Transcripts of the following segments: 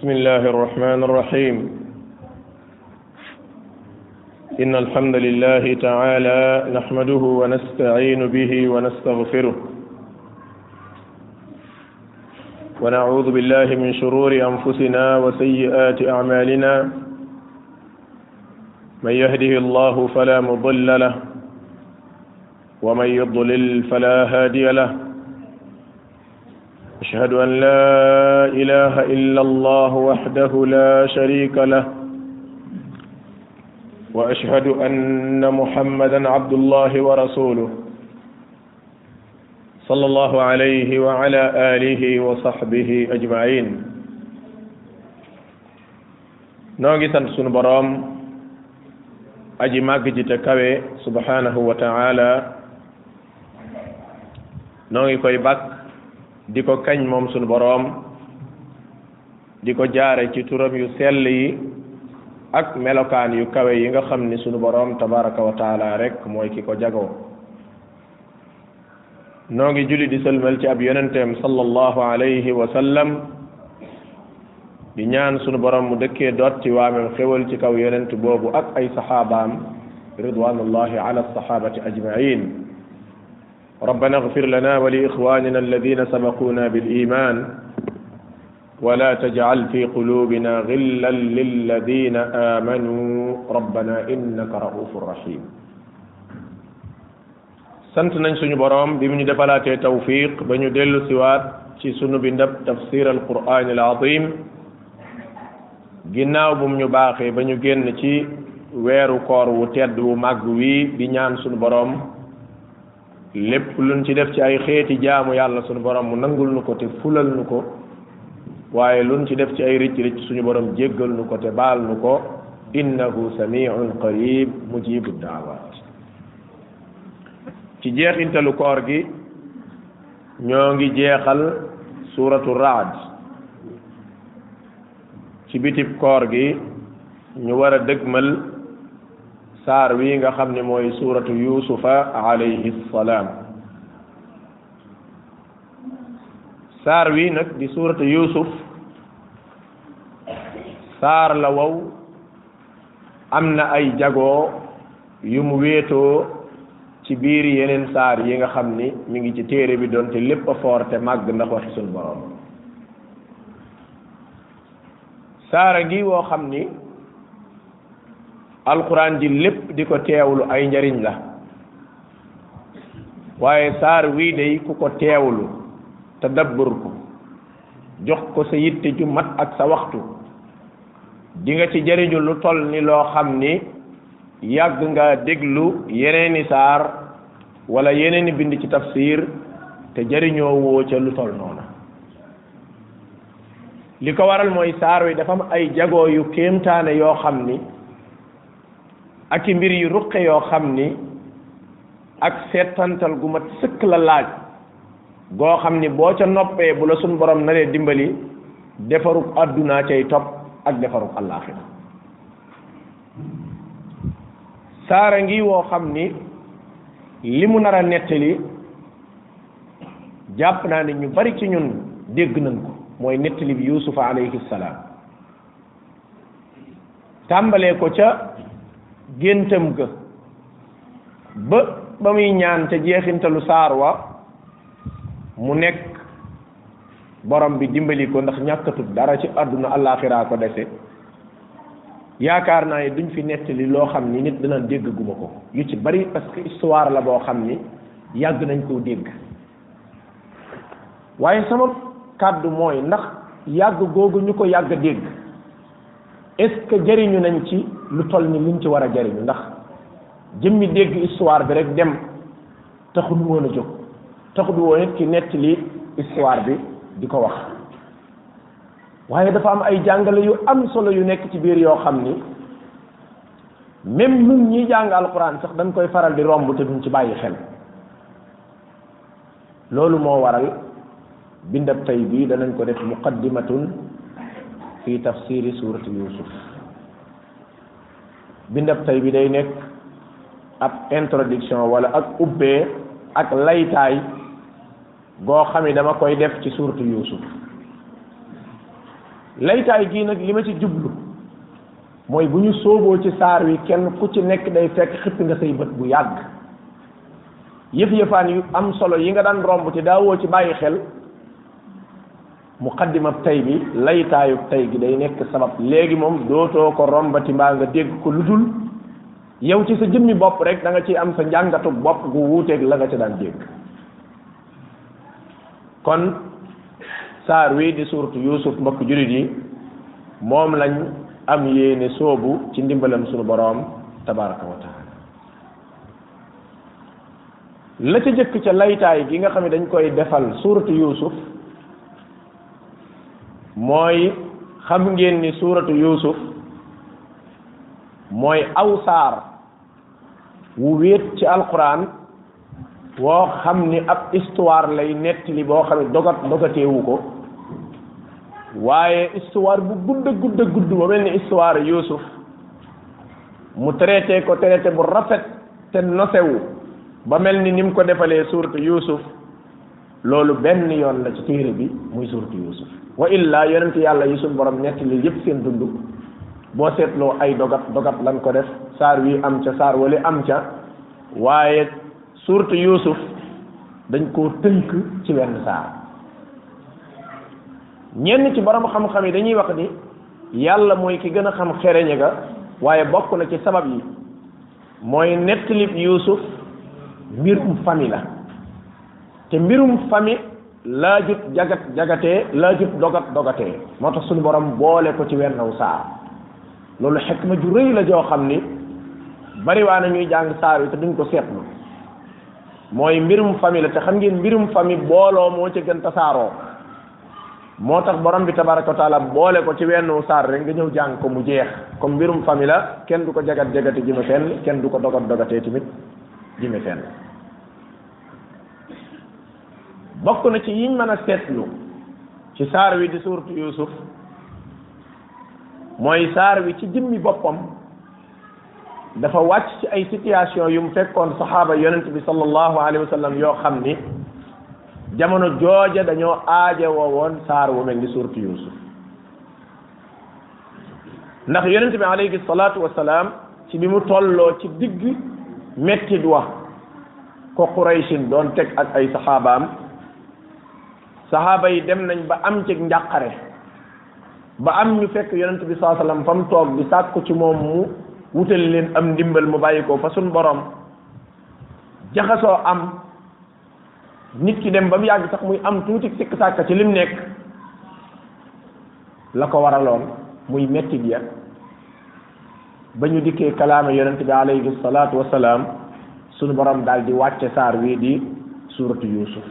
بسم الله الرحمن الرحيم إن الحمد لله تعالى نحمده ونستعين به ونستغفره ونعوذ بالله من شرور أنفسنا وسيئات أعمالنا من يهده الله فلا مضل له ومن يضلل فلا هادي له أشهد أن لا إله إلا الله وحده لا شريك له وأشهد أن محمدا عبد الله ورسوله صلى الله عليه وعلى آله وصحبه أجمعين نوغي سنسون برام بروم aji سبحانه وتعالى نوغي كوي subhanahu di ko kañ moom sunu boroom di ko jaare ci turam yu sell yi ak melokaan yu kawe yi nga xam ni sunu boroom tabaraka wa rek mooy ki ko jagoo noo ngi julli di sëlmal ci ab yonenteem sallallahu alayhi wa sallam di ñaan sunu borom mu dëkkee doot ci waamem xewal ci kaw yonent boobu ak ay saxaabaam ridwanullahi ala saxaabati ajmain ربنا اغفر لنا ولاخواننا الذين سبقونا بالايمان ولا تجعل في قلوبنا غلا للذين امنوا ربنا انك رؤوف رحيم سنت نان سونو بوروم بيم توفيق با ني ديلو سيوات سي سونو تفسير القران العظيم غيناو بوم ني باخي با ني ويرو كور و تيد و ماغ وي lépp luñ ci def ci ay xeeti jaamu yàlla suñu borom mu nangul nu ko te fulal nu ko waaye luñ ci def ci ay ricc ricc suñu borom jéggal nu ko te baal nu ko innahu samiun qarib mujibu daawaat ci jeexintalu koor gi ñoo ngi jeexal suuratu raad ci bitib koor gi ñu war a dëgmal saar wi nga xam ne mooy suuratu yusufa alayhi salaam saar wi nag di suuratu yusuf saar la wow am na ay jagoo yu mu wéetoo ci biir yeneen saar yi nga xam ni mi ngi ci téere bi doon te lépp a foor te màgg ndax waxi sunu boroom saara ngi woo xam ni alquran ji lépp di ko teewlu ay njariñ la waaye saar wii day ku ko teewlu te dabbur ko jox ko sa yitte ju mat ak sa waxtu di nga ci jariñu lu toll ni loo xam ni yàgg nga déglu yeneeni saar wala yeneeni bind ci tafsir te jariñoo woo ca lu toll noona li ko waral mooy saar wi dafa am ay jago yu kéemtaane yoo xam ni ak i mbir yu ruqe yoo xam ni ak seetantal gu mat sëkk la laaj goo xam ni boo ca noppee bu la suñ borom naree dimbali defaruk addunaa cay topp ak defaruk àllaaxira saara ngi woo xam ni li mu nar a nettali jàpp naa ne ñu bari ci ñun dégg nañ ko mooy nettali bi yusufa alayhi tàmbalee ko ca géntam ga ba ba muy ñaan ca jeexintalu saar wa mu nekk borom bi dimbali ko ndax ñàkkatut dara ci àdduna allaaxiraa ko dese yaakaar naa ne duñ fi nettali loo xam ni nit dana dégg guma ko yu ci bari parce que histoire la boo xam ni yàgg nañ koo dégg waaye sama kàddu mooy ndax yàgg googu ñu ko yàgg dégg est-ce que nañ ci lu toll ni liñ ci war a jariñu ndax jëmmi dégg histoire bi rek dem taxut woon jóg taxut woon it ki nettali histoire bi di ko wax waaye dafa am ay jàngale yu am solo yu nekk ci biir yoo xam ni même ñun ñiy jàng alxuraan sax dañ koy faral di romb te duñ ci bàyyi xel loolu moo waral bindab tey bii danañ ko def muqaddimatun fi tafsiri suurati yusuf bindab bi day nekk ab introduction wala ak ubbee ak laytaay goo xam ne dama koy def ci suurtu Yuusuf laytaay gii nag li ma ci jublu mooy bu ñu sóoboo ci saar wi kenn ku ci nekk day fekk xippi nga say bët bu yàgg yëf yëfaan yu am solo yi nga daan romb te daawoo ci bàyyi xel muqaddima tey bi laytaayu tey gi day nekk sabab léegi moom dootoo ko rombati mbaa nga dégg ko ludul yow ci sa jëmmi bopp rek danga ci am sa njàngatu bopp gu wuuteeg la nga ca daan dégg kon saar wi di suurtu Yuusuf mbokk jurit yi moom lañ am yéene soobu ci ndimbalam sunu boroom tabaraka wa la ca jëkk ca laytaay gi nga xam ne dañ koy defal suurtu Yuusuf mooy xam ngeen ni suuratu yuusuf mooy aw saar wu wéet ci alxuraan woo xam ni ab histoire lay nettali boo xam ne dogat dogateewu ko waaye histoire bu gudda gudda gudd ba mel ni histoire yuusuf mu traité ko traité bu rafet te nosewu ba mel ni ni mu ko defalee suuratu yuusuf loolu benn yoon la ci téere bi muy suuratu yuusuf wa illa yonent yàlla yi suñ borom nettali yëpp seen dund boo seetloo ay dogat dogat lan ko def saar wi am ca saar wala am ca waaye suurtu Yuusuf dañ ko tënk ci wenn saar ñenn ci borom xam-xam yi dañuy wax ni yàlla mooy ki gën a xam xereñe ga waaye bokk na ci sabab yi mooy nettalib Yuusuf mbirum famille la te mbirum famille laajut jagat jagate laajut dogat dogate moo tax suñu borom boole ko ci wennaw saar loolu xekk ma ju rëy la joo xam ni bariwaa na ñuy jàng saar wi te duñ ko seetlu mooy mbirum famille te xam ngeen mbirum famille booloo moo ci gën tasaaroo moo tax borom bi tabaraka wa taala boole ko ci wennu saar rek nga ñëw jàng ko mu jeex comme mbirum famille kenn du ko jagat jagate jëme fenn kenn du ko dogat dogatee tamit jëme fenn bokk na ci yiñ mën a seetlu ci saar wi di suurtu Yuusuf mooy saar wi ci jëmmi boppam dafa wàcc ci ay situation yu mu fekkoon saxaaba yonent bi sallallahu alayhi wa sallam yoo xam ni jamono jooja dañoo aaje woo saar wu mel ni suurtu Yuusuf ndax yonent salaam ci bi mu tolloo ci digg mettit wa ko Qurayshin doon teg ak ay saxaabaam saxaaba yi dem nañ ba am ci njàqare ba am ñu fekk yonent bi saa sallam fa mu toog di sàkku ci moom mu wutal leen am ndimbal mu bàyyi ko fa suñ borom jaxasoo am nit ki dem ba mu yàgg sax muy am tuuti sikk sàkka ci lim nekk la ko waraloon muy metti gi ba ñu dikkee kalaama yonent bi alayhi salaatu wasalaam sunu borom daal di wàcce saar wi di suuratu Yuusuf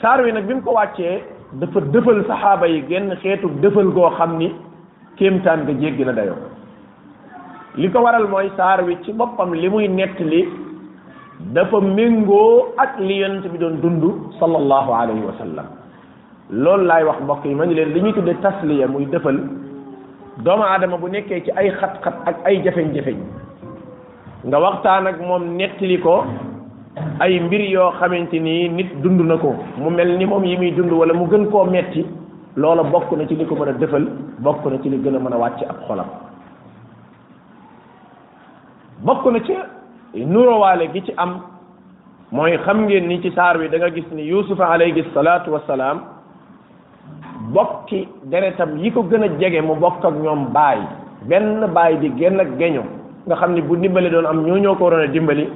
saar wi nag bi mu ko wàccee dafa dëfal saxaaba yi genn xeetu dëfal goo xam ni kéemtaan nga jéggi na dayoo li ko waral mooy saar wi ci boppam li muy nettali dafa méngoo ak li yonent bi doon dund sallallahu alayhi wa sallam loolu laay wax mbokk yi ma ni leen li ñuy tudde tasliya muy dëfal doomu aadama bu nekkee ci ay xat-xat ak ay jafeñ-jafeñ nga waxtaan ak moom nettali ko ay mbir yoo xamante ni nit dund na ko mu mel ni moom yi muy dund wala mu gën koo metti loola bokk na ci li ko mën a defal bokk na ci li gën a mën a wàcc ab xolam bokk na ci nurowaale gi ci am mooy xam ngeen ni ci saar wi da gis ni yuusufa gis salaatu wassalaam bokki deretam yi ko gën a jege mu bokk ak ñoom baay benn baay di genn ak geño nga xam ni bu dimbali doon am ñoo ñoo ko waroon a dimbali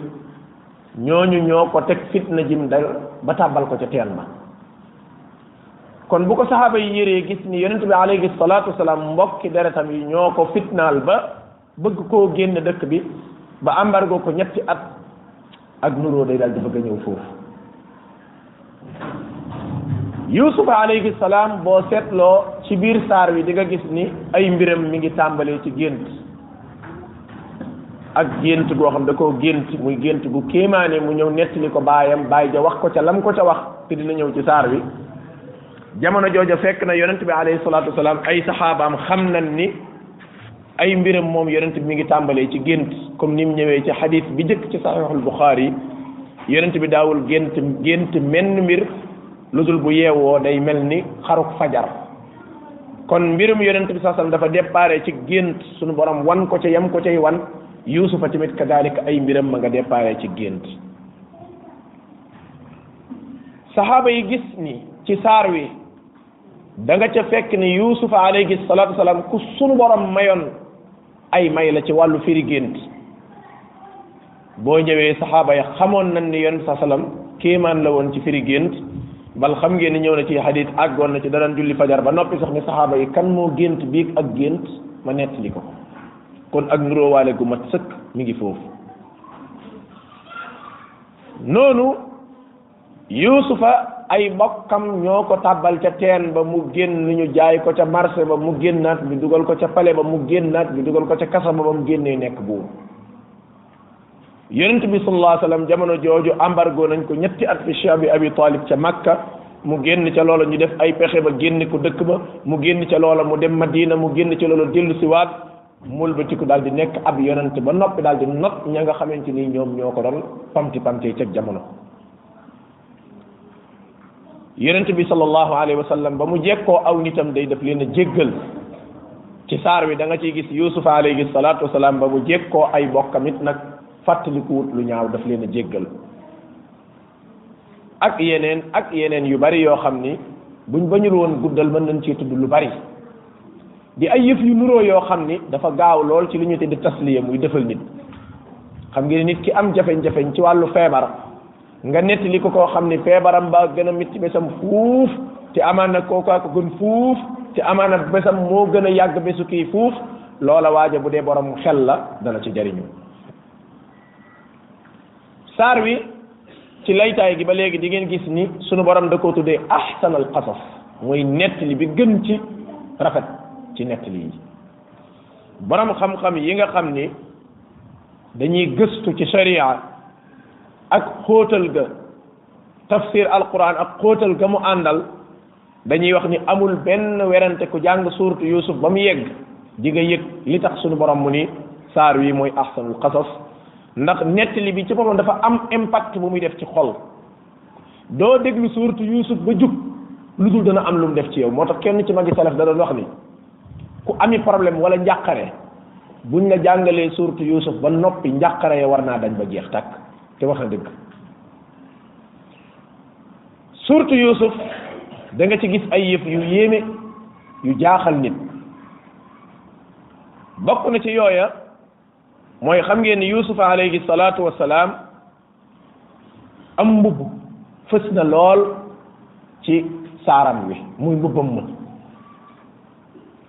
ñooñu ñoo ko teg fitna jim dal ba tàbbal ko ca teen ba kon bu ko saxaaba yi yëree gis ni yonent bi alayhi salaatu wasalaam mbokki deretam yi ñoo ko fitnaal ba bëgg ko génn dëkk bi ba embargo ko ñetti at ak nuróo day daal bëgg a ñëw foofu yusuf alayhi salaam boo seetloo ci biir saar wi dinga gis ni ay mbiram mi ngi tàmbalee ci gént ak gént goo xam da koo gént muy gént gu kéemaane mu ñëw nettali ko baayam baay ja wax ko ca lam ko ca wax te dina ñëw ci saar bi jamono jooja fekk na yonent bi alayhi salaatu wasalaam ay saxaabaam xam nañ ni ay mbiram moom yonent bi mi ngi tàmbalee ci gént comme ni mu ñëwee ci xadis bi jëkk ci saxiixul Buxaari yonent bi daawul gént gént menn mbir lu dul bu yeewoo day mel ni xaruk fajar kon mbirum yonent bi sax dafa déparé ci gént suñu borom wan ko ci yam ko cay wan yuusufa tamit kadaalika ay mbiram ma nga déparé ci gént saxaaba yi gis ni ci saar wi danga ca fekk ni yuusufa alayhi salaatu salaam ku sunu borom mayoon ay may la ci wàllu firi gént boo ñëwee saxaaba yi xamoon nañ ni yoon sa salaam kéemaan la woon ci firi gént bal xam ngeen ni ñëw na ci hadit àggoon na ci danañ julli fajar ba noppi sax ni saxaaba yi kan moo gént biig ak gént ma nettali ko kon ak nuroowaale gu mat sëkk mi ngi foofu noonu yuusufa ay bokkam ñoo ko tàbbal ca teen ba mu génn ñu jaay ko ca marché ba mu génnaat ñu dugal ko ca pale ba mu génnaat ñu ko ca kasa ba génnee nekk buur yonent bi sallallahu alayhi wasallam jamono jooju embargo nañ ko ñetti at fi shaabi abi talib ca makka mu génn ca loola ñu def ay pexe ba génne ko dëkk ba mu génn ca loola mu dem madina mu génn ca loola dellu si waat mulbatiku daal di nekk ab yonent ba noppi daal di not ña nga xamante ni ñoom ñoo ko doon pamti pamti ca jamono yonent bi sallallahu alayhi wa sallam ba mu jekkoo aw nitam day def leen a jéggal ci saar wi danga nga ciy gis yusuf alayhi salaatu wasalaam ba mu jekkoo ay bokkamit nag fàttaliku lu ñaaw daf leen a jéggal ak yeneen ak yeneen yu bari yoo xam ni buñ bañul woon guddal mën nañ cee tudd lu bari di ay yëf yu nuroo yoo xam ni dafa gaaw lool ci li ñu tudde tasliya muy defal nit xam ngeen nit ki am jafeñ-jafeñ ci wàllu feebar nga nettali ko koo xam ni feebaram ba gën a metti besam fuuf te amaana kooku ko gën fuuf te amaana besam moo gën a yàgg bésu kii fuuf loola waaja bu dee borom xel la dana ci jariñu saar wi ci laytaay gi ba léegi di ngeen gis ni sunu borom da koo tuddee ahsanal qasas mooy nettali bi gën ci rafet ci nettali yi borom xam-xam yi nga xam ni dañuy gëstu ci sharia ak xóotal ga tafsir alquran ak xóotal ga mu àndal dañuy wax ni amul benn werante ku jàng suurtu yusuf ba mu yegg di nga yëg li tax suñu borom mu ni saar wi mooy ahsanul qasas ndax nettali bi ci boppam dafa am impact bu muy def ci xol doo déglu suurtu yusuf ba jug lu dul dana am lu mu def ci yow moo tax kenn ci magi salaf da doon wax ni ku ami problème wala njàqare buñ la jàngalee suurtu Yuusuf ba noppi njàqare ya war naa dañ ba jeex tàkk te wax na dëgg suurtu Yuusuf da ci gis ay yëf yu yéeme yu jaaxal nit bokk na ci yooya mooy xam ngeen ni Yuusuf alayhi salaatu wassalaam am mbubb fës na lool ci saaram wi muy mbubbam ma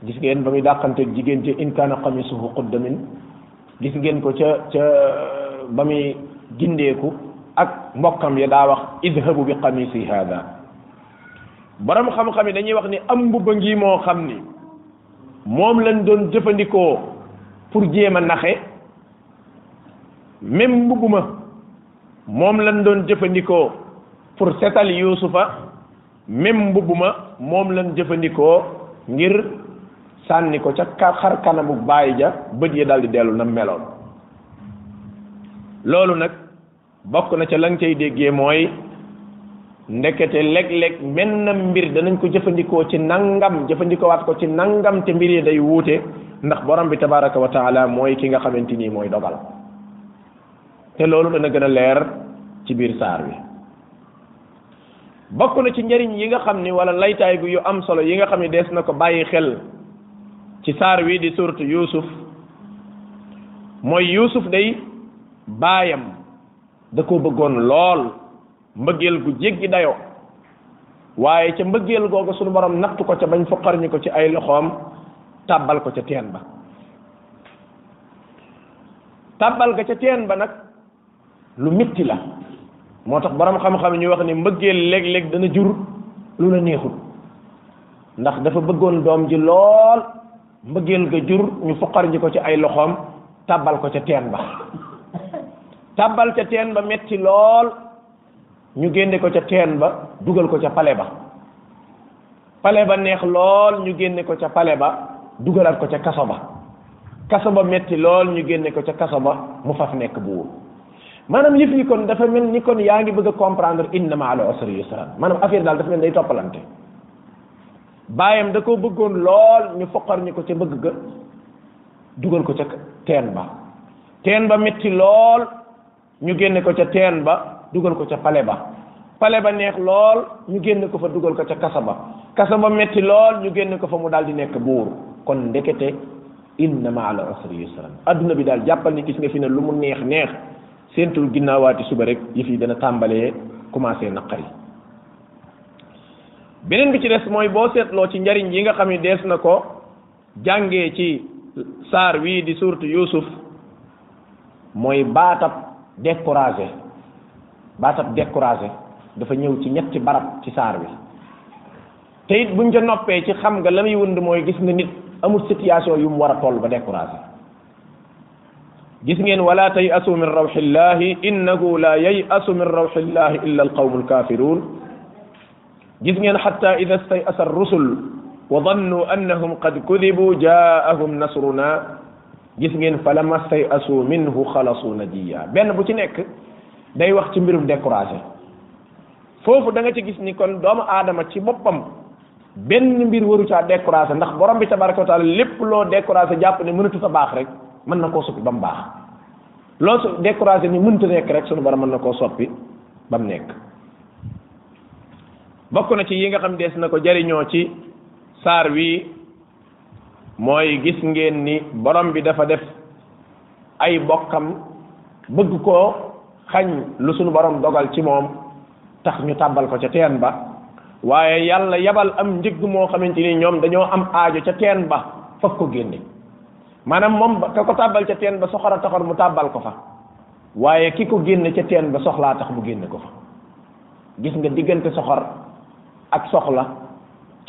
gis ngeen ba muy dàqante jigéen ci in kaana qamisuhu qudda min gis ngeen ko ca ca ba muy gindeeku ak mbokkam ya daa wax idhabu bi qamisi hada borom xam-xam yi dañuy wax ni am mbubba ngi moo xam ni moom lañ doon jëfandikoo pour jéem a naxe même mbubbuma moom lañ doon jëfandikoo pour setal yusufa même moom lañ jëfandikoo ngir sànni ko ca xar kanamu baay ja bët yi daldi dellu na meloon loolu nag bokk na ca la nga cay déggee mooy ndekete léeg-léeg na mbir danañ ko jëfandikoo ci nangam jëfandikoowaat ko ci nangam te mbir yi day wuute ndax borom bi tabaraka wa taala mooy ki nga xamante nii mooy dogal te loolu dana gën a leer ci biir saar wi bokk na ci njëriñ yi nga xam ni wala laytaay gu yu am solo yi nga xam ni des na ko bàyyi xel ci saar wi di suratu Yuusuf mooy Yuusuf dey baayam da ko bëggoon lool mbëggeel gu jéggi dayoo waaye ca mbëggeel googu suñu borom nattu ko ca bañ foqarñi ko ci ay loxoom tàbbal ko ca teen ba tàbbal ga ca teen ba nag lu mitti la moo tax boroom xam-xam ñu wax ne mbëggeel léeg-léeg dana jur lu la neexul ndax dafa bëggoon doom ji lool mbëggeel ga jur ñu fuqar ji ko ci ay loxoom tàbbal ko ca teen ba tàbbal ca teen ba metti lool ñu génne ko ca teen ba dugal ko ca pale ba pale ba neex lool ñu génne ko ca pale ba dugalaat ko ca kaso ba kaso ba metti lool ñu génne ko ca kaso ba mu faf nekk buur maanaam yëf yi kon dafa mel ni kon yaa ngi bëgg a comprendre inna ma al usri yusran maanaam affaire daal dafa mel day toppalante baayam da ko bëggoon lool ñu foqar ñu ko ca bëgg ga dugal ko ca teen ba teen ba metti lool ñu génne ko ca teen ba dugal ko ca pale ba pale ba neex lool ñu génne ko fa dugal ko ca kasa ba kasa ba metti lool ñu génne ko fa mu daal di nekk buur kon ndekete indi na ma ala usri yusran adduna bi daal jàppal ni gis nga fi ne lu mu neex neex seentul ginnaawaati suba rek yi yi dana tàmbalee commencé naqari beneen bi ci des mooy boo seetloo ci njariñ yi nga xam ne dees na ko jàngee ci saar wii di suurtu Yuusuf mooy baatab découragé baatab découragé dafa ñëw ci ñetti barab ci saar bi te it buñ ca noppee ci xam nga la muy wund mooy gis nga nit amul situation yu mu war a toll ba découragé gis ngeen wala tay asu min rawxillahi innahu la yay asu min rawxillahi illa alqawmu alkafirun gis ngeen xatta ida stayasa rusul wa dannu annahum qad kudibu jaahum nasruna gis ngeen falamma stayasu minhu xalasu nadiya benn bu ci nekk day wax ci mbirum découragé foofu da nga ci gis ni kon doomu aadama ci boppam benn mbir waru caa découragé ndax borom bi tabaraka wa taala lépp loo découragé jàpp ne mënatu sa baax rek mën na koo soppi ba mu baax loo su découragé ni mënta nekk rek sunu borom mën na koo soppi ba mu nekk bokk na ci yi nga xam des na ko jariñoo ci saar wi mooy gis ngeen ni borom bi dafa def ay bokkam bëgg koo xañ lu suñu borom dogal ci moom tax ñu tàbbal ko ca teen ba waaye yàlla yabal am njëg moo xamante ni ñoom dañoo am aajo ca teen ba faf ko génne maanaam moom ka ko tàbbal ca teen ba soxora taxoon mu tàbbal ko fa waaye ki ko génne ca teen ba soxlaa tax mu génne ko fa gis nga diggante soxor ak soxla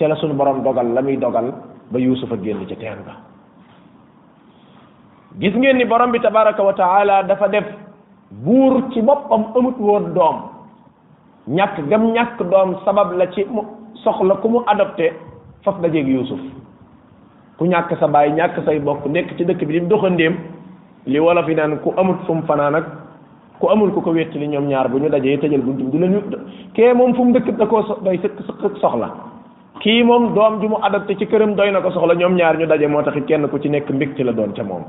ca la suñu borom dogal la muy dogal ba yuusufa génn ca teen ba gis ngeen ni borom bi tabaraka wa taala dafa def buur ci boppam amut woon doom ñàkk gam ñàkk doom sabab la ci mu soxla ku mu adopté faf dajeeg yuusuf ku ñàkk sa baay ñàkk say bokk nekk ci dëkk bi di doxandéem li wolof yi naan ku amut fu mu ku amul ku ko wéttali ñoom ñaar bu ñu dajee tëjal buntu du leen kee moom fu mu dëkk da koo so day sëkk soxla kii moom doom ju mu adopté ci këram doy na ko soxla ñoom ñaar ñu daje moo tax kenn ko ci nekk mbégte la doon ca moom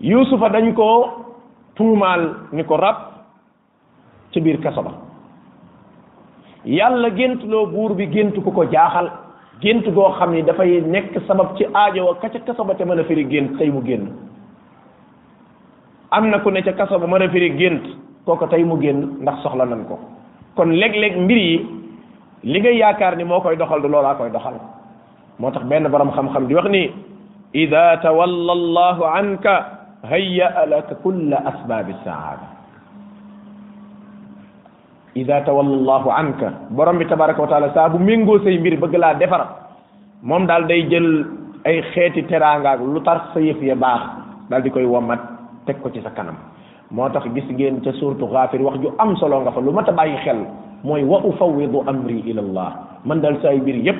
yuusufa dañ ko tuumaal ni ko rab ci biir kaso yàlla gént loo buur bi géntu ku ko jaaxal gént goo xam ni dafay nekk sabab ci aajo wa ka ca kaso ba te mën a firi gént tey mu génn am na ku ne ca kaso ba ma référé gént kooku tey mu génn ndax soxla nañ ko kon léeg-léeg mbir yi li nga yaakaar ni moo koy doxal du loolaa koy doxal moo tax benn borom xam-xam di wax ni ida tawalla allahu anka hayya laka kulla asbaabi saada ida tawalla allahu anka borom bi tabaraka wa taala saa bu méngoo say mbir bëgg laa defar moom daal day jël ay xeeti teraangaak lu tar sa yëf ya baax daal di koy wommat teg ko ci sa kanam moo tax gis ngeen ca suurtu xaafir wax ju am solo nga fa lu mat a bàyyi xel mooy wa ufawidu amri ila allah man daal say mbir yépp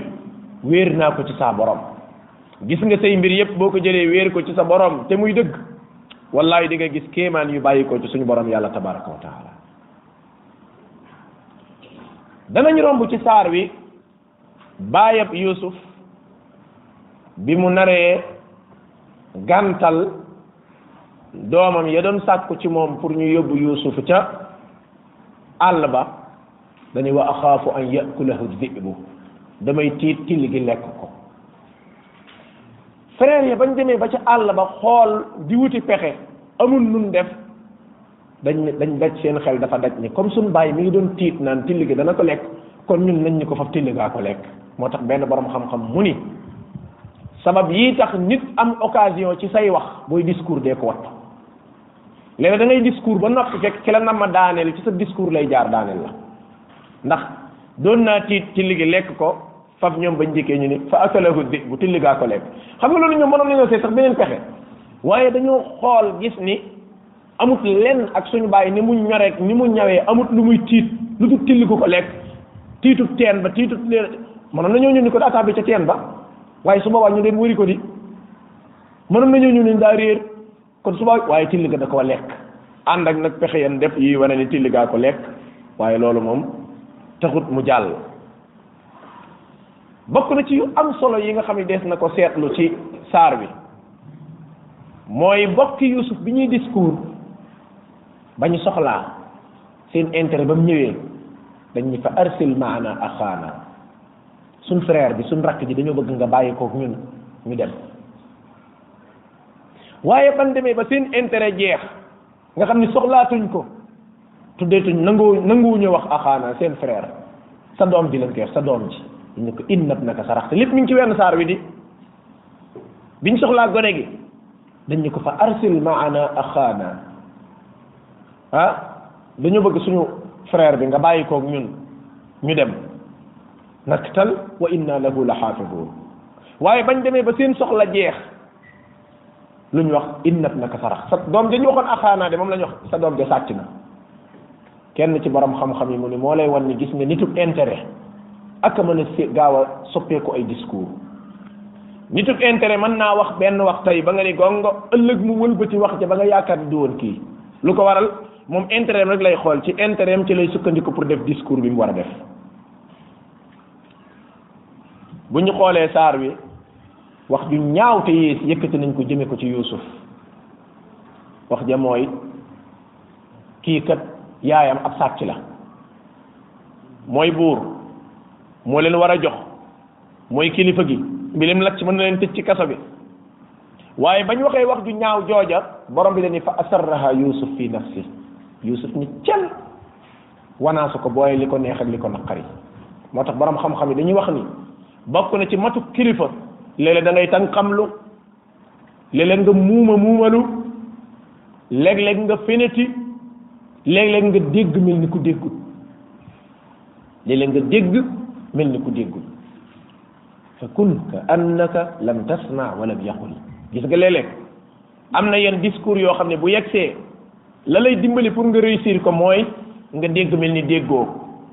wéer naa ko ci saa borom gis nga sëy mbir yépp boo ko jëlee wéer ko ci sa boroom te muy dëgg wallahi di nga gis kéemaan yu bàyyi ci suñu borom yàlla tabaraka wa taala danañ romb ci saar wi baayab yusuf bi mu naree gàntal doomam ya doon sàkku ci moom pour ñu yóbbu yuusuf ca àll ba dañuy wax wa axaafu an yakulahu dibu damay tiit till gi lekk ko frère ya bañ demee ba ca àll ba xool di wuti pexe amul nun def dañ dañ daj seen xel dafa daj ni comme suñ bàyyi mi ngi doon tiit naan till gi dana ko lekk kon ñun nañ ñu ko faf till gaa ko lekk moo tax benn borom xam-xam mu ni sabab yii tax nit am occasion ci say wax booy discours dee ko wattu léegi da ngay discours ba noppi fekk ki la nam ma daaneel ci sa discours lay jaar daaneel la ndax doon naa tiit tilli gi lekk ko fab ñoom bañ njëkkee ñu ni fa akalahu di bu tilli gaa ko lekk xam nga loolu ñoom mënoon nañoo see sax beneen pexe waaye dañoo xool gis ni amut lenn ak suñu bàyyi ni mu ñoreek ni mu ñawee amut lu muy tiit lu dul tilli ko ko lekk tiitu teen ba tiitu mënoon nañoo ñun ni ko daataa ca teen ba waaye su boobaa ñu deen wëri ko di mënoon nañu ñu niñ daa réer kon su boobaa waaye till ga da koo lekk ànd ak nag pexe yan def yi wane ni till gaa ko lekk waaye loolu moom taxut mu jàll bokk na ci yu am solo yi nga xam ne des na ko seetlu ci saar bi mooy bokki Yuusuf bi ñuy discours ba ñu soxlaa seen intérêt ba mu ñëwee dañuy fa arsil maana axaana suñ frère bi suñ rakk ji dañoo bëgg nga bàyyi kook ñun ñu dem waaye ban demee ba seen intérêt jeex nga xam ni soxlaatuñ ko tuddeetuñ nangu nanguwuñu wax axaana ah, seen frère sa doom ji lañ koy wax sa doom ji ñu ko innab naka saraxte lépp ñu ngi ci wenn saar wi di biñ soxlaa gone gi dañ ko fa arsil maana axaana ah dañoo bëgg suñu frère bi nga bàyyi kook ñun ñu dem naktal wa inna lahu la xaafiduun waaye bañ demee ba seen soxla jeex lu ñu wax innat naka sarax sa doom ja ñu waxoon axaanaa de moom la ñu wax sa doom ja sàcc na kenn ci borom xam-xam yi mu ni moo lay wan ni gis nga nitub intere ak a a gaaw a soppeeku ay discours nitub intere mën naa wax benn wax tey ba nga ni gongo ëllëg mu wëlbati wax ja ba nga yaakaar di woon kii lu ko waral moom intérêt rek lay xool ci intérêt am ci lay sukkandiku pour def discours bi mu war a def bu ñu xoolee saar wi wax ju ñaaw te yées yëkkati nañ ko jëme ko ci yuusuf wax ja mooy kii kat yaayam ab sàcc la mooy buur moo leen war a jox mooy kilifa gi mbilim lacc mën na leen tëj ci kaso bi waaye bañ waxee wax ju ñaaw jooja borom bi dañuy fa asarraha yusuf fi nafsi yusuf ni cel wanaasu ko booye li ko neex ak li ko naqari moo tax borom xam-xam yi dañuy wax ni bokk na ci matu kilifa léeg dangay tan ngay tànqamlu léeg nga muuma muumalu léeg-léeg nga feneti léeg-léeg nga dégg mel ni ku déggul léeg-léeg nga dégg mel ni ku déggul fa kun ka annaka lam tasma walam yaqul gis nga léeg am na yenn discours yoo xam ne bu yegsee la lay dimbali pour nga réussir ko mooy nga dégg mel ni déggoo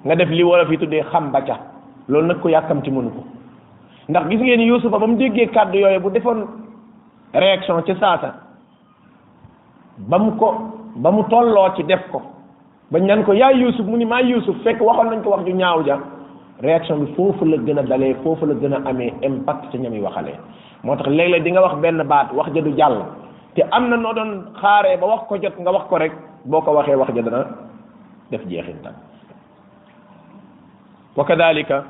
nga def li wolof yi tuddee xam ba ca loolu nag ko yàkkamti mënu ko ndax gis ngeen yuusufa ba mu déggee kàddu yooyu bu defoon réaction ci saasa ba mu ko ba mu tolloo ci def ko bañ nan ko yaay yuusuf mu ni maa yuusuf fekk waxoon nañ ko wax ju ñaaw ja réaction bi foofu la gën a dalee foofu la gën a amee impact ci ñami waxalee moo tax léeg-léeg di nga wax benn baat wax ja du jàll te am na noo doon xaaree ba wax ko jot nga wax ko rek boo ko waxee wax ja dana def jeexintam wa kadalika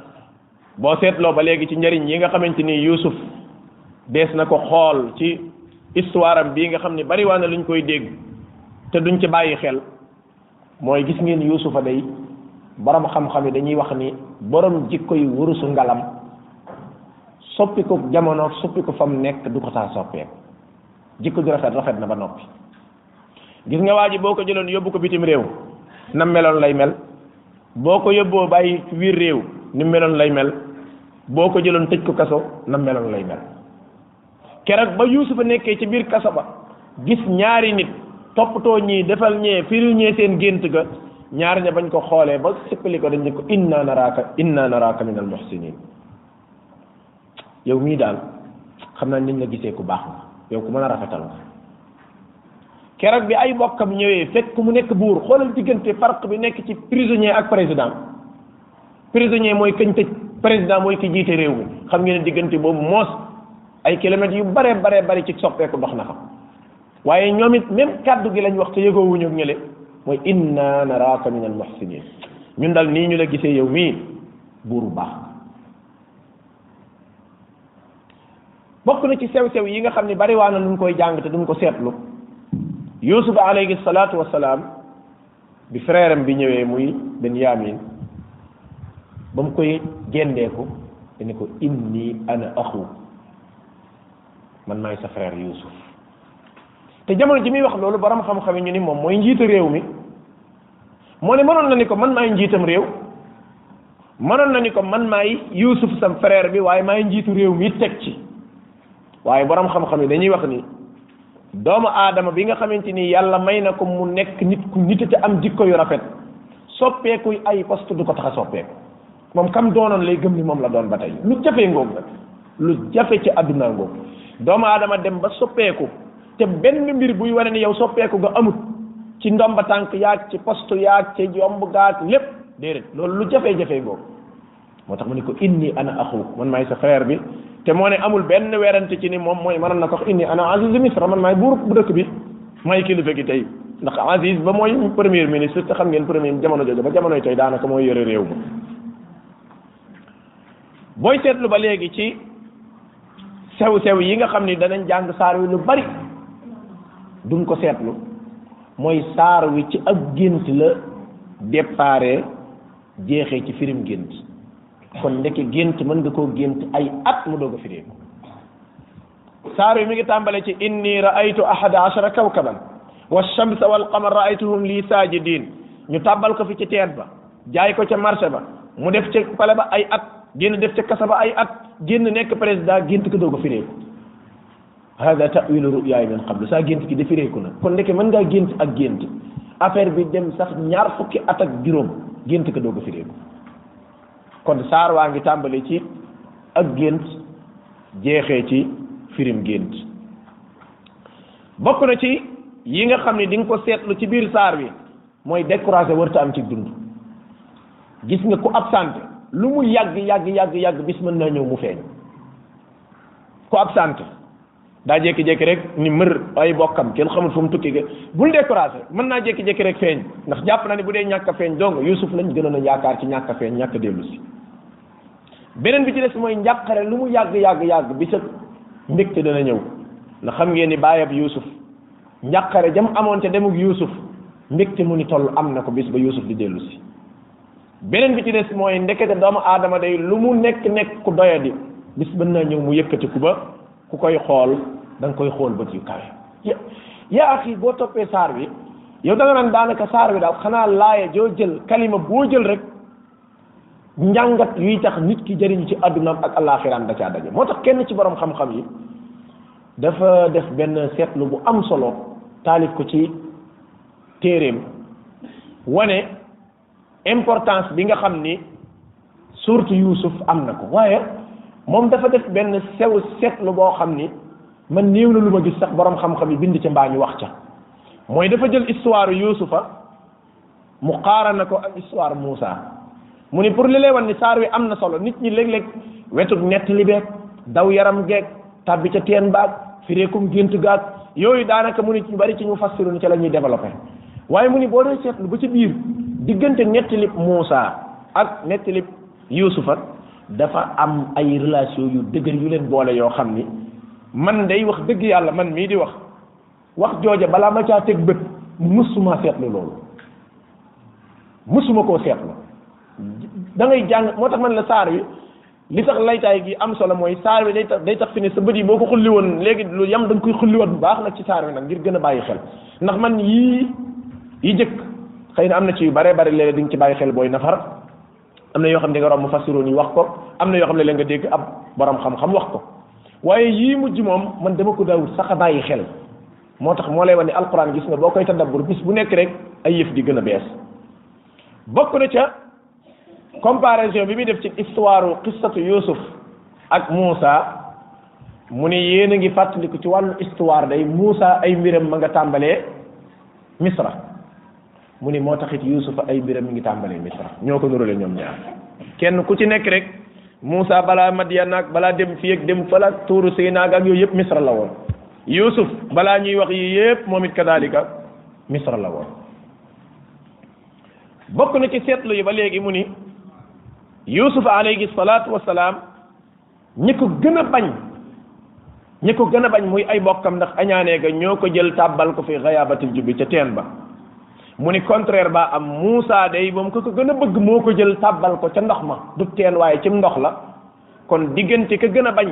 boo seetloo ba léegi ci njariñ yi nga xamante ni Yuusuf dees na ko xool ci histoire bii nga xam ne bari waa na koy dégg te duñ ci bàyyi xel mooy gis ngeen Yuusufa day borom xam-xam yi dañuy wax ni borom jikko yu wurusu ngalam soppi ko jamono soppi ko fa mu nekk du ko saa soppee jikko ju rafet rafet na ba noppi gis nga waa ji boo ko jëloon yóbbu ko bitim réew na meloon lay mel boo ko yóbboo bàyyi wiir réew ni meloon lay mel boo ko jëloon tëj ko kaso na meloon lay mel keroog ba yuusufa nekkee ci biir kaso ba gis ñaari nit toppatoo ñii defal ñee firil ñee seen gént ga ñaari ña bañ ko xoolee ba sippali ko dañ ne ko inna naraaka inna naraaka minal muhsinin yow mii daal xam naa niñ la gisee ku baax nga yow ku mën a rafetal nga keroog bi ay bokkam ñëwee fekk mu nekk buur xoolal diggante farq bi nekk ci prisonnier ak président prisonnier mooy kañ tëj président mooy ki jiite réew mi xam ngeen ne diggante boobu moos ay kilomètres yu bare bare bari ci soppeeku dox na xam waaye ñoom it même kàddu gi lañ wax te yëgoowuñu ak ñële mooy inna naraaka min al muhsinin ñun dal nii ñu la gisee yow mii buuru baax bokk na ci sew-sew yi nga xam ne bari waa na luñ koy jàng te duñ ko seetlu yusufa alayhi salaatu wasalaam bi frère am bi ñëwee muy benyamin ba mu koy gendeeku dañu ko inni ana axu man maay sa frère Yuusuf te jamono ji muy wax loolu borom xam-xam ñu ni moom mooy njiita réew mi moo ne mënoon na ni ko man maay njiitam réew mënoon na ni ko man maay Yuusuf sam frère bi waaye maay njiitu réew mi teg ci waaye borom xam-xam yi dañuy wax ni doomu aadama bi nga xamante ni yàlla may na ko mu nekk nit ku nit te am jikko yu rafet soppeeku ay poste du ko tax a soppeeku moom kam doonoon lay gëm ni moom la doon ba tey lu jafee ngoog nag lu jafe ci àdduna ngoog doomu aadama dem ba soppeeku te benn mbir buy wane ni yow soppeeku nga amut ci ndomba tànk yaag ci poste yaag ci yomb gaag lépp déedéet loolu lu jafee jafe ngoog moo tax mu ne ko inni ana axuuk man maay sa frère bi te moo ne amul benn werante ci ni moom mooy mënoon na ko wax inni ana aziz misra man maay buur bu dëkk bi may kilifa gi tey ndax aziz ba mooy premier ministre te xam ngeen premier jamono jooju ba jamonoy tey daanaka mooy yore réew ma booy seetlu ba léegi ci sew sew yi nga xam ni danañ jàng saar wi lu bari duñ ko seetlu mooy saar wi ci ab gént la déparé jeexee ci firim gént kon ndeke gént mën nga koo gént ay at mu doog a saar wi mi ngi tàmbale ci inni raaytu ahada ashara kawkaban wa shamsa wal qamar raaytuhum lii saajidin ñu tàbbal ko fi ci teen ba jaay ko ca marché ba mu def ci pale ba ay at génn def ca kasaba ay at génn nekk président gént ko doog a fireeku hada tawilu ruyaay xam qablu saa gént ki defireeku na kon ndeke mën ngaa gént ak gént affaire bi dem sax ñaar fukki at ak juróom gént ko doog a fireeku kon saar waa ngi tàmbale ci ak gént jeexee ci firim gént bokk na ci yi nga xam ne dinga ko seetlu ci biir saar wi mooy découragé warta am ci dund gis nga ku absenté lu mu yàgg yàgg yàgg yàgg bis mën naa ñëw mu feeñ ku absent daa jékki-jékki rek ni mër ay bokkam kenn xamul fu mu tukki ge bul découragé mën naa jékki-jékki rek feeñ ndax jàpp na ne bu dee ñàkk a feeñ dong Yuusuf lañ gënoon a yaakaar ci ñàkk feeñ ñàkk a si beneen bi ci des mooy njàqare lu mu yàgg yàgg yàgg bi sa mbégte dana ñëw ndax xam ngeen ni baayab Yuusuf njàqare jam amoon ca demuk Yuusuf mbégte mu ni toll am na ko bés ba Yuusuf di dellu si beneen bi ci des mooy ndekete doomu aadama day lu mu nekk nekk ku doyadi bis mën naa ñëw mu yëkkati ku ba ku koy xool da koy xool bët yu kawe yaa axi boo toppee saar bi yow da naan daanaka saar bi daal xanaa laaya joo jël kalima boo jël rek njàngat yuy tax nit ki jëriñu ci addunaam ak allaaxiraan da caa daje moo tax kenn ci borom xam-xam yi dafa def benn seetlu bu am solo taalif ko ci téeréem wane importance bi nga xam ni surtout Yuusuf am na ko waaye moom dafa def benn sew seetlu boo xam ni man néew na lu ma gis sax boroom xam-xam yi bind ci mbaa ñu wax ca mooy dafa jël histoire Yuusufa mu xaaral na ko ak histoire Muusa mu ni pour li lay wan ni saar wi am na solo nit ñi léeg-léeg wetu nett li daw yaram geeg tàbbi ca teen baag fireekum gént gaag yooyu daanaka mu ni ci bari ci ñu fassiru ni ca la ñuy développé waaye mu ni boo dee seetlu ba diggante nettalib Muusa ak nettalib Yuusufa dafa am ay relation yu dëgër yu leen boole yoo xam ni man day wax dëgg yàlla man mii di wax wax jooja balaa ma caa teg bët mësuma seetlu loolu mësuma koo seetlu dangay ngay jàng moo tax man la saar wi li tax laytaay gi am solo mooy saar wi day tax day tax fi ne sa bët yi boo ko xulli woon léegi lu yam da nga koy xulli woon bu baax nag ci saar wi nag ngir gën a bàyyi xel ndax man yii yi jëkk xëy na am na ci yu bare bare léeg-léeg di nga ci bàyyi xel booy nafar am na yoo xam ne nga romb fasiroon yi wax ko am na yoo xam ne la nga dégg ab borom xam-xam wax ko waaye yii mujj moom man dama ko daawul sax a bàyyi xel moo tax moo lay wane alquran gis nga boo koy tadabbur bis bu nekk rek ay yëf di gën a bees bokk na ca comparaison bi muy def ci histoire qissatu Yusuf ak Muusa mu ne yéen a ngi fàttaliku ci wàllu histoire day Muusa ay mbiram ma nga tàmbalee Misra mu ni moo taxit yuusufa ay biram mi ngi tàmbali misra ñoo ko nurale ñoom ñaar kenn ku ci nekk rek Moussa balaa Madiana ak balaa dem fii ak dem fala tuuru Seyna ak yooyu yëpp misra la woon Youssouf balaa ñuy wax yii yëpp moom it kadaalika misra la woon bokk na ci seetlu yi ba léegi mu ni Youssouf alayhi salaatu wa salaam ñi ko gën a bañ ñi ko gën a bañ muy ay bokkam ndax añaanee ga ñoo ko jël tàbbal ko fi xayaabatil jubbi ca teen ba. mu ne contraire baa am Moussa day moom ko ko gën a bëgg moo ko jël tàbbal ko ca ndox ma du teen waaye cim ndox la kon diggante ka gën a bañ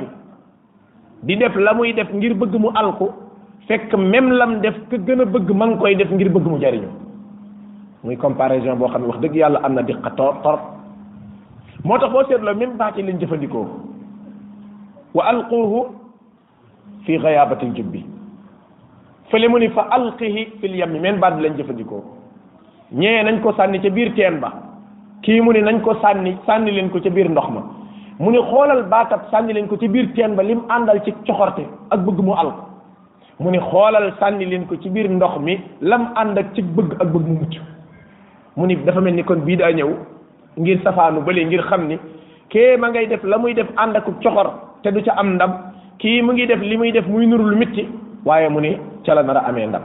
di def la muy def ngir bëgg mu alku fekk même lam def ka gën a bëgg ma koy def ngir bëgg mu jariñu muy comparaison boo xam ne wax dëgg yàlla am na diqa tor torop moo tax boo seetloo même baat yi lañ jëfandikoo wa alquhu fi xayaabatil jubbi fële mu ni fa alqihi fil yammi men baat bi lañ jëfandikoo ñee nañ ko sànni ca biir teen ba kii mu ni nañ ko sànni sànni leen ko ca biir ndox ma mu ni xoolal baatab sànni leen ko ci biir teen ba lim àndal ci coxorte ak bëgg mu al mu ni xoolal sànni leen ko ci biir ndox mi lam ànd ak ci bëgg ak bëgg mu mucc mu ni dafa mel ni kon bii daa ñëw ngir safaanu bale ngir xam ni kee a ngay def la muy def ànd ak coxor te du ca am ndam kii mu ngi def li muy def muy nuru lu mitti waaye mu ni ca la nar a amee ndam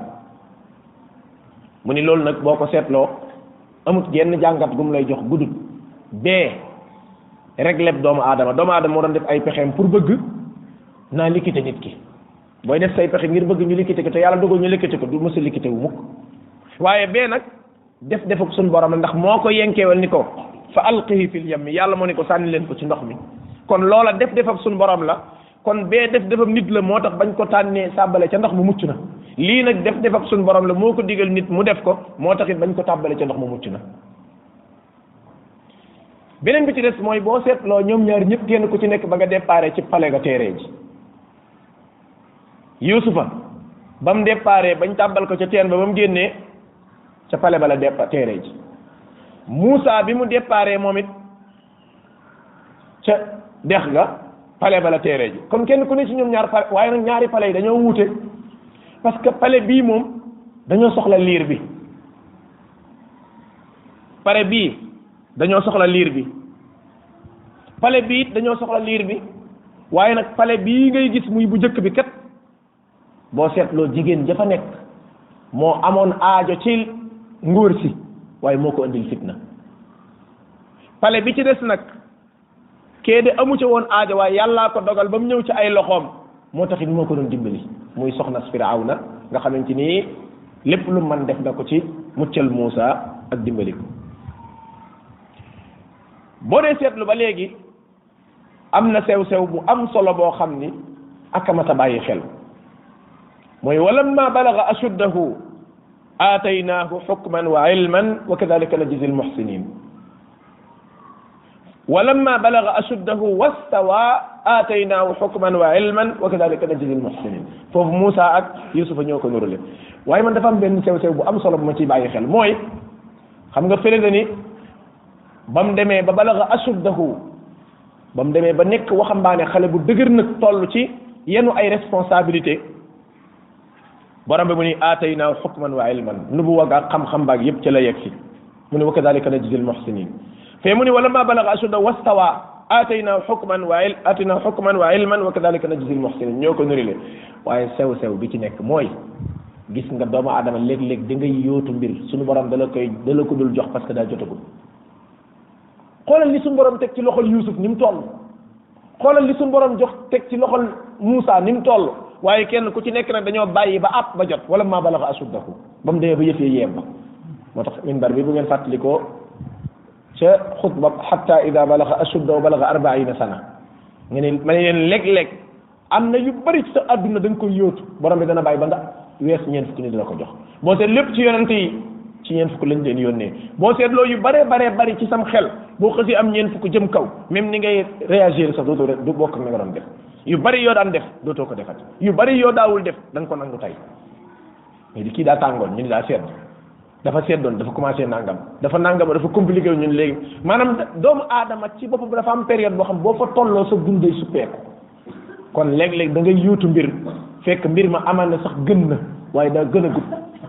mu ni loolu nag boo ko seetloo amut genn jàngat gu lay jox guddut bee rek leb doomu aadama doomu aadama moo doon def ay pexeem pour bëgg naa likkite nit ki booy def say pexe ngir bëgg ñu likkite ko te yàlla dogul ñu likkite ko du mësa likkite wu mukk waaye bee nag def defuk suñu borom la ndax moo ko yenkeewal ni ko fa alqihi fil mi yàlla moo ne ko sànni leen ko ci ndox mi kon loola def defak suñu borom la kon bee def defam nit la moo tax bañ ko tànnee sàbbale ca ndox mu mucc na lii nag def defab suñ borom la moo ko digal nit mu def ko moo taxit it bañ ko tàbbale ca ndox mu mucc na beneen bi ci des mooy boo seetloo ñoom ñaar ñëpp kenn ko ci nekk ba nga déparé ci pale ga téere ji yusufa ba mu déparé bañ tàbbal ko ca teen ba ba mu génnee ca pale ba la dépa téere ji Muusa bi mu déparé moom it ca dex ga pale bala la teeree ji kon kenn ku ne ci ñoom ñaar pale waaye nag ñaari palais yi dañoo wuute parce que pale bii moom dañoo soxla liir bi pale bii dañoo soxla liir bi palais bii it dañoo soxla liir bi waaye nag pale bii ngay gis muy bu njëkk bi kat boo seetloo jigéen ja nekk moo amoon aajo ci nguur si waaye moo ko indil fitna pale bi ci des nag kee de amu ca woon aaja waaye yàllaa ko dogal ba mu ñëw ci ay loxoom moo taxit moo ko doon dimbali muy soxna Firawna nga xamante ni lépp lu man def na ko ci muccal Muusa ak dimbali ko boo dee seetlu ba léegi am na sew sew bu am solo boo xam ni akamata bàyyi xel mooy walamma balaga ashuddahu aataynaahu xukman wa ilman wa kadalika najzi almuhsinin wa lamma balaga ashuddahu wastawa aataynaahu xukman wa ilman wa kadalika najzi lmuxsinin foofu Moussa ak Yusufa ñoo ko nurale waaye man dafa am benn sew sew bu am solo bu ma ciy bàyyi xel mooy xam nga fële na ni ba mu demee ba balaga ashuddahu ba mu demee ba nekk waxambaane xale bu dëgër nag toll ci yenu ay responsabilité borom bi mu ni aataynaahu xukman wa ilman nubuwa ga xam-xam baag yëpp ci la yegg si mu ne wa kadalika najzi lmuxsinin فهموني ولما بلغ أشد واستوى آتينا حكما وعل آتينا حكما وعلما وكذلك نجزي المحسنين نيوكو نوري لي واي سو سو بيتي نيك موي غيس نغا دوما ادم ليك ليك دي نغي يوتو مبير سونو بروم دالاكاي دالاكو دول جوخ باسكو دا جوتو خولال لي سون بروم تك سي لوخول يوسف نيم تول خولال لي سون بروم جوخ تك سي لوخول موسى نيم تول waye kenn ku ci nekk nag dañoo bàyyi ba ab ba jot wala ma balaxa asuddaku ba mu demee ba yëfee yemb moo tax minbar bi bu ngeen fàttalikoo ca xutba xatta ida balaxa asudda wa balaxa arbaina sana nga ne ma ne leen léeg am na yu bari ci sa àdduna da nga koy yóotu borom bi dana ba nga wees ñeent fukki nit ko jox boo seet lépp ci yonent yi ci ñeent fukk lañ leen yónnee boo seetloo yu baree baree bari ci sam xel boo xësi am ñeent fukk jëm kaw même ni ngay réagir sax dootoo du bokk na ni nga def yu bari yoo daan def dootoo ko defat yu bari yoo daawul def da nga ko nangu tey mais kii daa tàngoon ñu ni daa sedd dafa seddoon dafa commencé nangam dafa nangam dafa compliqué ñun léegi maanaam doomu aadama ci bopp boppam dafa am période boo xam boo fa tolloo sa dundee suppeeku kon léeg-léeg da ngay yuutu mbir fekk mbir ma amaan na sax gën na waaye daa gën a gudd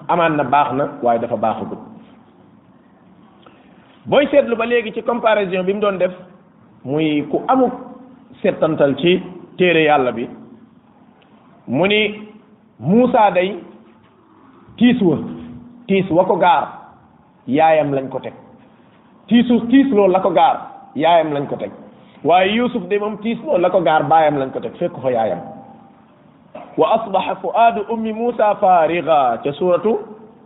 amaan na baax na waaye dafa baaxu gudd booy seetlu ba léegi ci comparaison bi mu doon def muy ku amuk settantal ci téere yàlla bi mu ni Muusaa day tiis wa tiis wa ko gaar yaayam lañ ko teg tiisu tiis loolu la ko gaar yaayam lañ ko teg waaye yusuf de moom tiis loolu la ko gaar baayam lañ ko teg fekk fa yaayam wa asbaha fuaadu ummi muusa faariga ca suuratu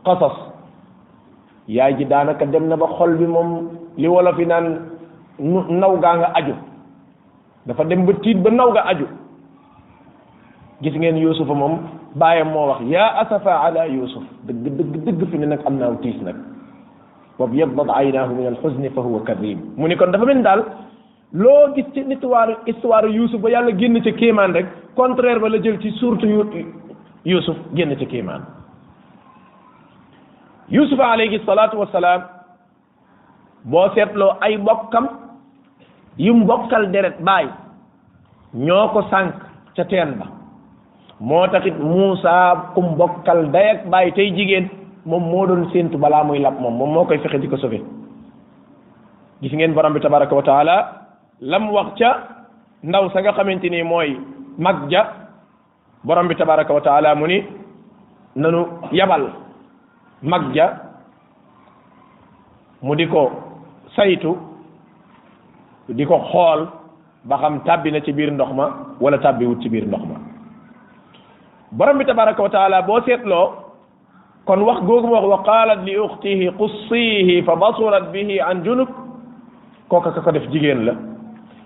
qasas yaay ji daanaka dem na ba xol bi moom li wolof naan naw gaa nga aju dafa dem ba tiit ba naw ga aju gis ngeen yusufa moom baayam moo wax yaa asafa ala yusuf dëgg dëgg dëgg fi nag am naaw tiis nag wa byaddat aynaahu min alxuzni fa huwa kadhim mu ni kon dafa mel daal loo gis ci histoire histoire yusuf ba yàlla génn ca kéemaan rek contraire ba jël ci surtout yusuf génn ci kéemaan yusuf alayhi salaatu wasalaam boo seetloo ay bokkam yum bokkal deret baay ñoo ko sànq ca teen ba moo taxit Muusa kum bokkal day ak bàyyi tey jigéen moom moo doon séentu balaa muy lab moom moom moo koy fexe di ko sauver gis ngeen borom bi tabaraka wa taala lam wax ca ndaw sa nga xamante ni mooy mag ja borom bi tabaraka wa taala mu ni nanu yabal mag ja mu di ko saytu di ko xool ba xam tàbbi na ci biir ndox ma wala tàbbiwut ci biir ndox ma borom bi tabaraka wa taala boo seetloo kon wax googu mu wax wa qaalat li uxtihi qussiihi fa basurat bihi an junub kooka ka ko def jigéen la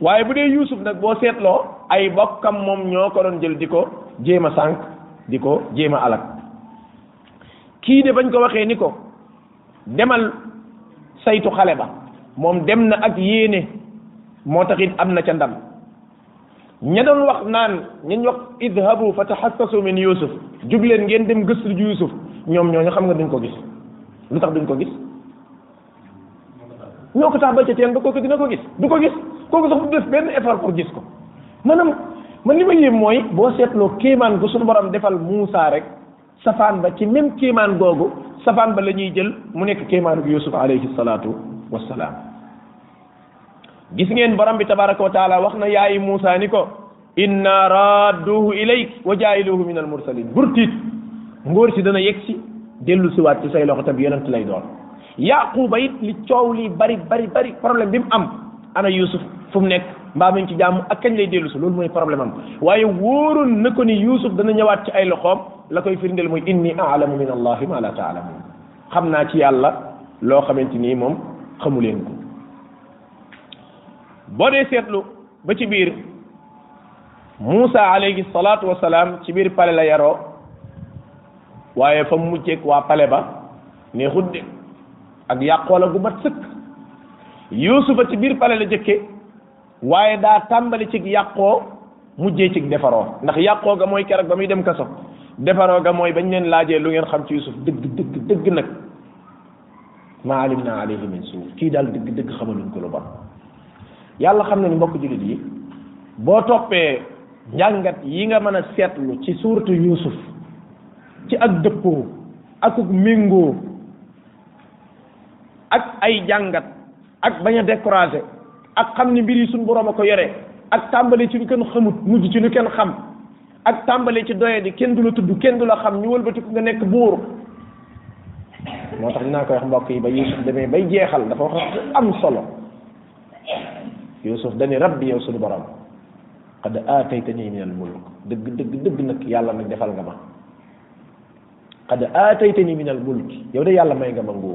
waaye bu dee yuusuf nag boo seetloo ay bokkam moom ñoo ko doon jël di ko jéem a sànq di ko jéem a alak kii de bañ ko waxee ni ko demal saytu xale ba moom dem na ak yéene moo taxit am na ca ndam ña doon wax naan ñañ wax idhabu fa taxassasu min yusuf jug ngeen dem gëstu ju yusuf ñoom ñooñu xam nga duñ ko gis lu tax duñ ko gis ñoo ko tax ba ca teen ba kooku dina ko gis du ko gis ko sax na def benn effort pour gis ko maanaam man li ma yéem mooy boo seetloo kéemaan gu suñu borom defal Muusa rek safaan ba ci même kéemaan googu safaan ba la ñuy jël mu nekk kéemaan gu Yusuf alayhi salaatu wassalaam gis ngeen borom bi tabaraka wa taala wax na yaayi Muusa ni ko inna radduhu ilayk wa jaa'iluhu min al mursalin bur tiit ngóor si dana yegg si dellu si waat ci say loxo tam yonent lay doon yaquba it li coow li bari bari bari problème bi mu am ana yusuf fu mu nekk mbaa mu ngi ci jàmm ak kañ lay dellu si loolu mooy problème am waaye wóoroon na ko ni yusuf dana ñëwaat ci ay loxoom la koy firndeel mooy inni aalamu min allahi ma la taalamun xam naa ci yàlla loo xamante nii moom xamu leen boo dee seetlu ba ci biir Muusa alayhi salaatu salaam ci biir pale la yaroo waaye fa mu mucceeg waa pale ba ne xudde ak yàqoola gu mat sëkk Yuusufa ci biir pale la jëkke waaye daa tàmbali ci yàqoo mujjee ci defaroo ndax yàqoo ga mooy keroog ba muy dem kaso defaroo ga mooy bañ leen laajee lu ngeen xam ci Yuusuf dëgg dëgg dëgg nag maa alim naa alayhi min suur kii daal dëgg dëgg xamaluñ ko lu bon yàlla xam na ni mbokk jullit yi boo toppee njàngat yi nga mën a seetlu ci suuratu Yuusuf ci ak dëppoo akuk méngoo ak ay jàngat ak bañ a décourager ak xam ni mbir yi suñ boroom a ko yore ak tàmbali ci lu kenn xamut mujj ci lu kenn xam ak tàmbali ci doye di kenn du la tudd kenn du la xam ñu ku nga nekk buur moo tax dinaa koy wax mbokk yi ba Yuusuf demee bay jeexal dafa wax am solo يوسف داني ربي يا سونو بروم قد اتيتني من الملك دغ دغ دغ نك يالا نك ديفال غاما قد اتيتني من الملك يا ودي يالا ماي غاما غو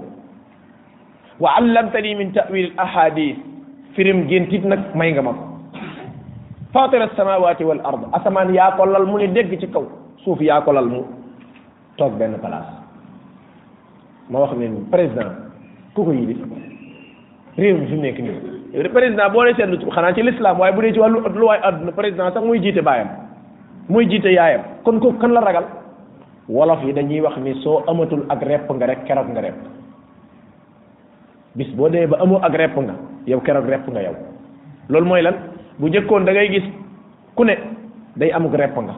وعلمتني من تاويل الاحاديث فريم جنتيت نك ماي غاما فاطر السماوات والارض اسمان يا كولال مولي دغ سي كو سوف يا كولال مو توك بن بلاص ما واخني بريزيدنت كوكو يدي ريم في نيك نيك yow de président boo dee seetlu xanaa ci l'islam waaye bu dee ci wàllu luwaay àdduna président sax muy jiite baayam mooy jiite yaayam kon kook kan la ragal wolof yi dañuy wax ni soo amatul ak repp nga rek keroog nga repp bis boo dee ba amoo ak repp nga yow keroog repp nga yow loolu mooy lan bu njëkkoon da ngay gis ku ne day amuk repp nga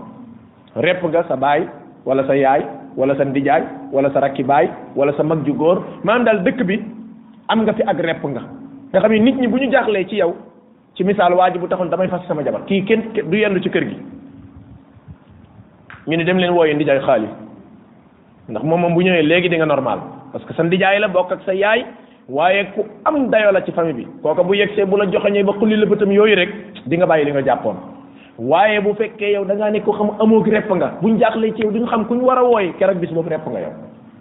repp nga sa baay wala sa yaay wala sa ndijaay wala sa rakki baay wala sa mag ju góor maanaam daal dëkk bi am nga fi ak repp nga nga xam nit ñi bu ñu jaaxlee ci yow ci misaal waa bu taxoon damay fas sama jabar kii kenn du yendu ci kër gi ñu ne dem leen wooyee ndijaay xaalis ndax moom moom bu ñëwee léegi di nga normal parce que sa ndijaay la bokk ak sa yaay waaye ku am dayo la ci famille bi kooka bu yegsee bu la joxoñee ba xulli la bëtam yooyu rek di nga bàyyi li nga jàppoon waaye bu fekkee yow da ngaa nekk ko xam amoog repp nga buñ jaaxlee ci yow duñu xam kuñ war a woy keroog bis boobu repp nga yow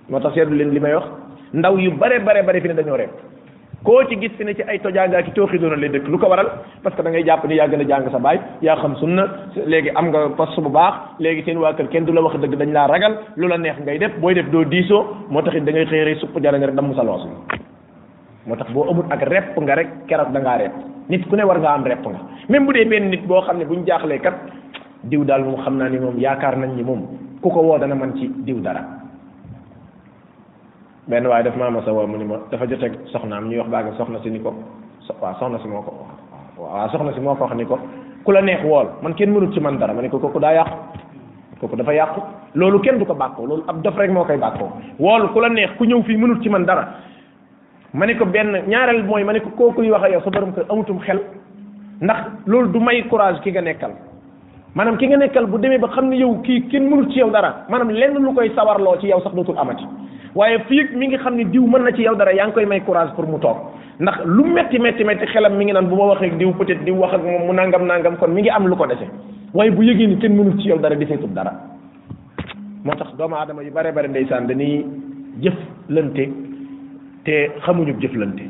moo tax seetlu leen li may wax ndaw yu bare bare bare fi ne dañoo repp ko ci gis fi ne ci ay tojaanga ci tooxidoona lay dekk lu ko waral parce que da ngay japp ni yaa gën jang sa bay ya xam sunna legi am nga pass bu baax legi seen waa kër kenn dula wax deug dañ la ragal lu la neex ngay def boy def do diso moo taxit da ngay xëy rek supp jarañ rek damm sa loos moo tax amul ak rep nga rek kérok da nga rep nit ku ne war nga am rep nga même bu dé ben nit bo buñu jaxlé kat diw dal xamna ni mom yaakar nañ ni mom kuko wo dana man ci diw dara benn waaye daf maa ma sa woo mu ni ma dafa joteeg soxnaam ñuy wax baag soxna si ni ko sox soxna si moo ko waaw soxna si moo ko wax ni ko ku la neex wool man kenn mënut ci man dara ma ne ko kooku daa yàqu kooku dafa yàqu loolu kenn du ko bàkkoo loolu ab dof rek moo koy bàkkoo wool ku la neex ku ñëw fii mënut ci man dara ma ne ko benn ñaareel mooy ma ne ko kookuy wax ak yow sa borom kër amutum xel ndax loolu du may courage ki nga nekkal maanaam ki nga nekkal bu demee ba xam ne yow kii kenn mënul ci yow dara maanaam lenn lu koy sawarloo ci yow sax dootul amati waaye fii mi ngi xam ni diw mën na ci yow dara yaa ngi koy may courage pour mu toog ndax lu metti metti metti xelam mi ngi naan bu ma waxee diw peut-être diw wax ak moom mu nangam nangam kon mi ngi am lu ko dese waaye bu yëgee ni kenn mënul ci yow dara deseetul dara moo tax doomu aadama yu bare bare ndeysaan dañuy jëflante te xamuñu jëflante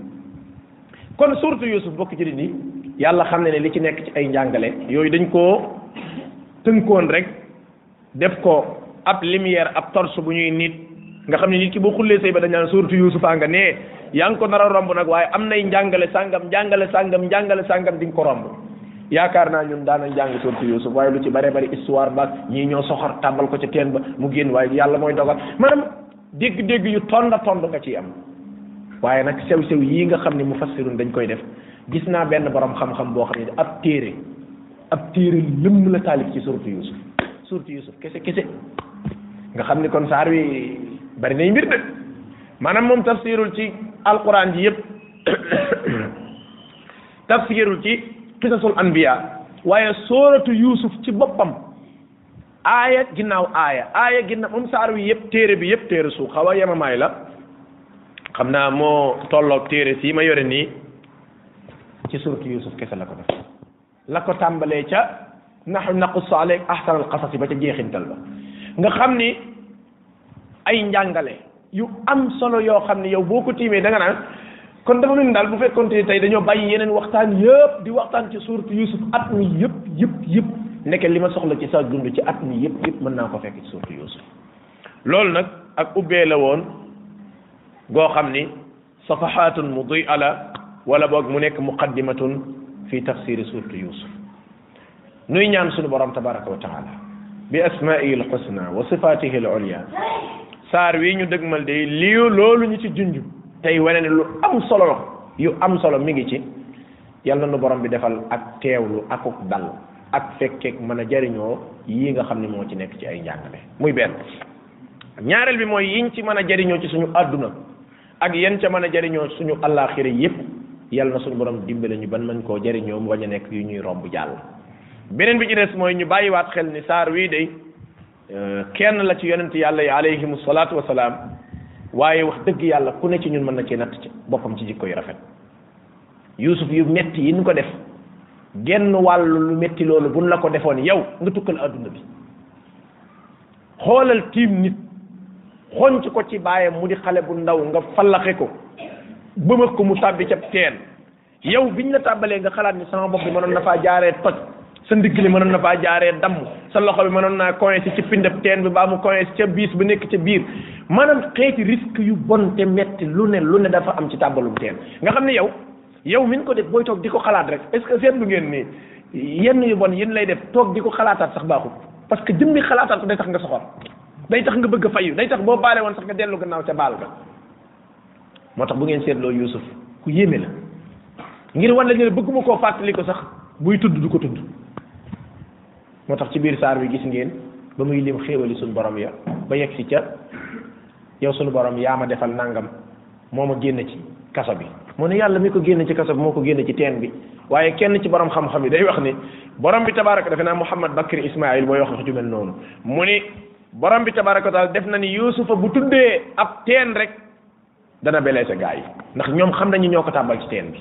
kon surtout Yusuf bokk ci ni yàlla xam ne ne li ci nekk ci ay njàngale yooyu dañ koo tënkoon rek def ko ab lumière ab torche bu ñuy nit nga xam ne nit ki boo xullee sëy ba dañ naan surtout Yuusufa nga ne yaa ngi ko nar romb nag waaye am nay njàngale sàngam njàngale sàngam njàngale sàngam di ko romb yaakaar naa ñun daanañ jàng surtout Yuusuf waaye lu ci bare bari histoire ba ñii ñoo soxor tàmbal ko ca teen ba mu génn waaye yàlla mooy dogal maanaam dégg-dégg yu tonda tond nga ciy am waaye nag sew yii nga xam ne mufassirun dañ koy def gis naa benn boroom xam-xam boo xam ne ab téere ab téere lëmm la taalif ci suratu yusuf suratu yusuf kese kese nga xam ni kon saar wi bari na mbir de maanaam moom tafsirul ci alquran ji yëpp tafsirul ci qisasul anbiya waaye suratu yusuf ci boppam aaya ginnaaw aaya aaya ginnaaw moom saar wi yëpp téere bi yëpp téere suuf xaw a yemamaay la xam naa moo tolloog téere sii ma yore nii ci suratu yusuf kese la ko def la ko tàmbalee ca naxnu naqussu aleyk ahsan al qasasi ba ca jeexintal ba nga xam ni ay njàngale yu am solo yoo xam ni yow boo ko tiimee da nga naan kon dafa mel daal bu fekkoon te tey dañoo bàyyi yeneen waxtaan yëpp di waxtaan ci suuratu Yusuf at mi yëpp yëpp yëpp ndeke li ma soxla ci sa dund ci at mi yëpp yëpp mën naa ko fekk ci suuratu Yusuf loolu nag ak ubbee la woon goo xam ni safahatun mudi ala wala boog mu nekk muqaddimatun fi tafsiri suratu yusuf nuy ñaan suñu borom tabaraka wa taala bi asmaihi alxusna wa sifatihi al ulia saar wi ñu dëgmal de lii loolu ñu ci junj tey wane ne lu am solo yu am solo mi ngi ci yàlla nu borom bi defal ak teewlu akuk dal ak fekkeek mën a jariñoo yi nga xam ne moo ci nekk ci ay njàngale muy benn ñaareel bi mooy yiñ ci mën a jariñoo ci suñu àdduna ak yéen ca mën a jariñoo suñu àllaaxira yépp yàlla na suñu borom dimbale ñu ban mën koo jariñoo mu bañ a nekk yu ñuy romb jàll beneen bi ci des mooy ñu bàyyiwaat xel ni saar wii day euh, kenn la ci yonent yàlla yi alayhimu salaatu wa salaam waaye wax dëgg yàlla ku ne ci ñun mën na cee natt ci boppam ci jikko yu rafet yusuf yu metti yi ñu ko def genn wàllu lu metti loolu buñ la ko defoon yow nga tukkal adduna bi xoolal tiim nit xonc ko ci baayam mu di xale bu ndaw nga fallaxe ko bëmëx ko mu tàbbi ca teen yow ñu la tàbbalee nga xalaat ni sama bopp bi mënoon na faa jaaree toj sa ndigg li mënoon na faa jaaree damm sa loxo bi mënoon naa coincé ci pindab teen bi baa mu coincé ca biis bi nekk ca biir maanaam xeeti risque yu bon te metti lu ne lu ne dafa am ci tàbbalum teen nga xam ne yow yow min ko def booy toog di ko xalaat rek est ce que seetlu ngeen ni yenn yu bon yéen lay def toog di ko xalaataat sax baaxul parce que jëmmi xalaataat ko day tax nga soxor day tax nga bëgg a fayu day tax boo baale woon sax nga dellu gannaaw ca baal ga moo tax bu ngeen seetloo Yuusuf ku yéeme la ngir wan la bëgguma koo fàttali ko sax buy tudd du ko tudd moo tax ci biir saar bi gis ngeen ba muy lim xéewali suñu borom ya ba yegg si ca yow suñu borom yaa ma defal nangam moo ma génn ci kaso bi mu ne yàlla mi ko génn ci kaso bi moo ko génn ci teen bi waaye kenn ci borom xam-xam yi day wax ni borom bi tabaraka defe naa Muhammad Bakri Ismail mooy wax wax ju noonu mu ni borom bi tabaraka taala def na ni Yuusufa bu tuddee ab teen rek dana blessé gars yi ndax ñoom xam nañu ñoo ko tàmbal ci teen bi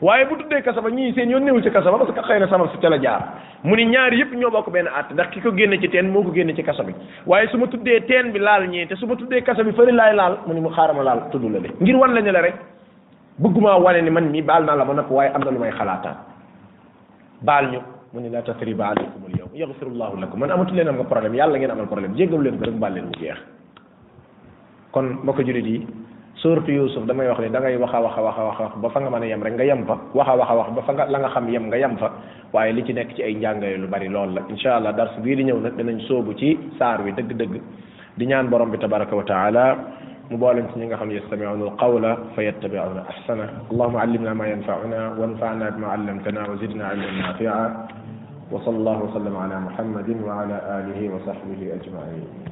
waaye bu tuddee kasaba ñii seen yoon néewul ci kasaba parce que xëy na sama si ca la jaar mu ni ñaari yëpp ñoo bokk benn at ndax ki ko génne ci teen moo ko génne ci kasa bi waaye su ma tuddee teen bi laal ñee su ma tuddee kasa bi fëri laay laal mu ni mu xaarama laal tudd la de ngir wan lañu la rek bëgguma wane ni man mii baal naa la ba nopp waaye am na lu may xalaataan baal ñu mu ni la tasriba alaykum al yawm yaghfirullahu lakum man amatu leen am nga problème yàlla ngeen amal problème jéggalu leen ko rek baal leen mu jeex surtout Youssouf damay wax ne da ngay wax a wax a wax a wax ba fa nga mën a nga yem fa wax a wax a wax ba fa nga xam yem nga yem fa waaye li ci nekk ci ay njàngale lu bari lool la incha allah dars bii di ñëw nag dinañ sóobu ci saar wi dëgg-dëgg di ñaan borom bi tabaraka wa taala mu boolem ci ñi nga xam ne yastami'una alqawla fa yattabi'una ahsana allahumma allimna ma yanfa'una wanfa'na bima 'allamtana wa zidna 'ilman nafi'a wa sallallahu wa sallam ala muhammadin wa ala alihi wa sahbihi ajma'in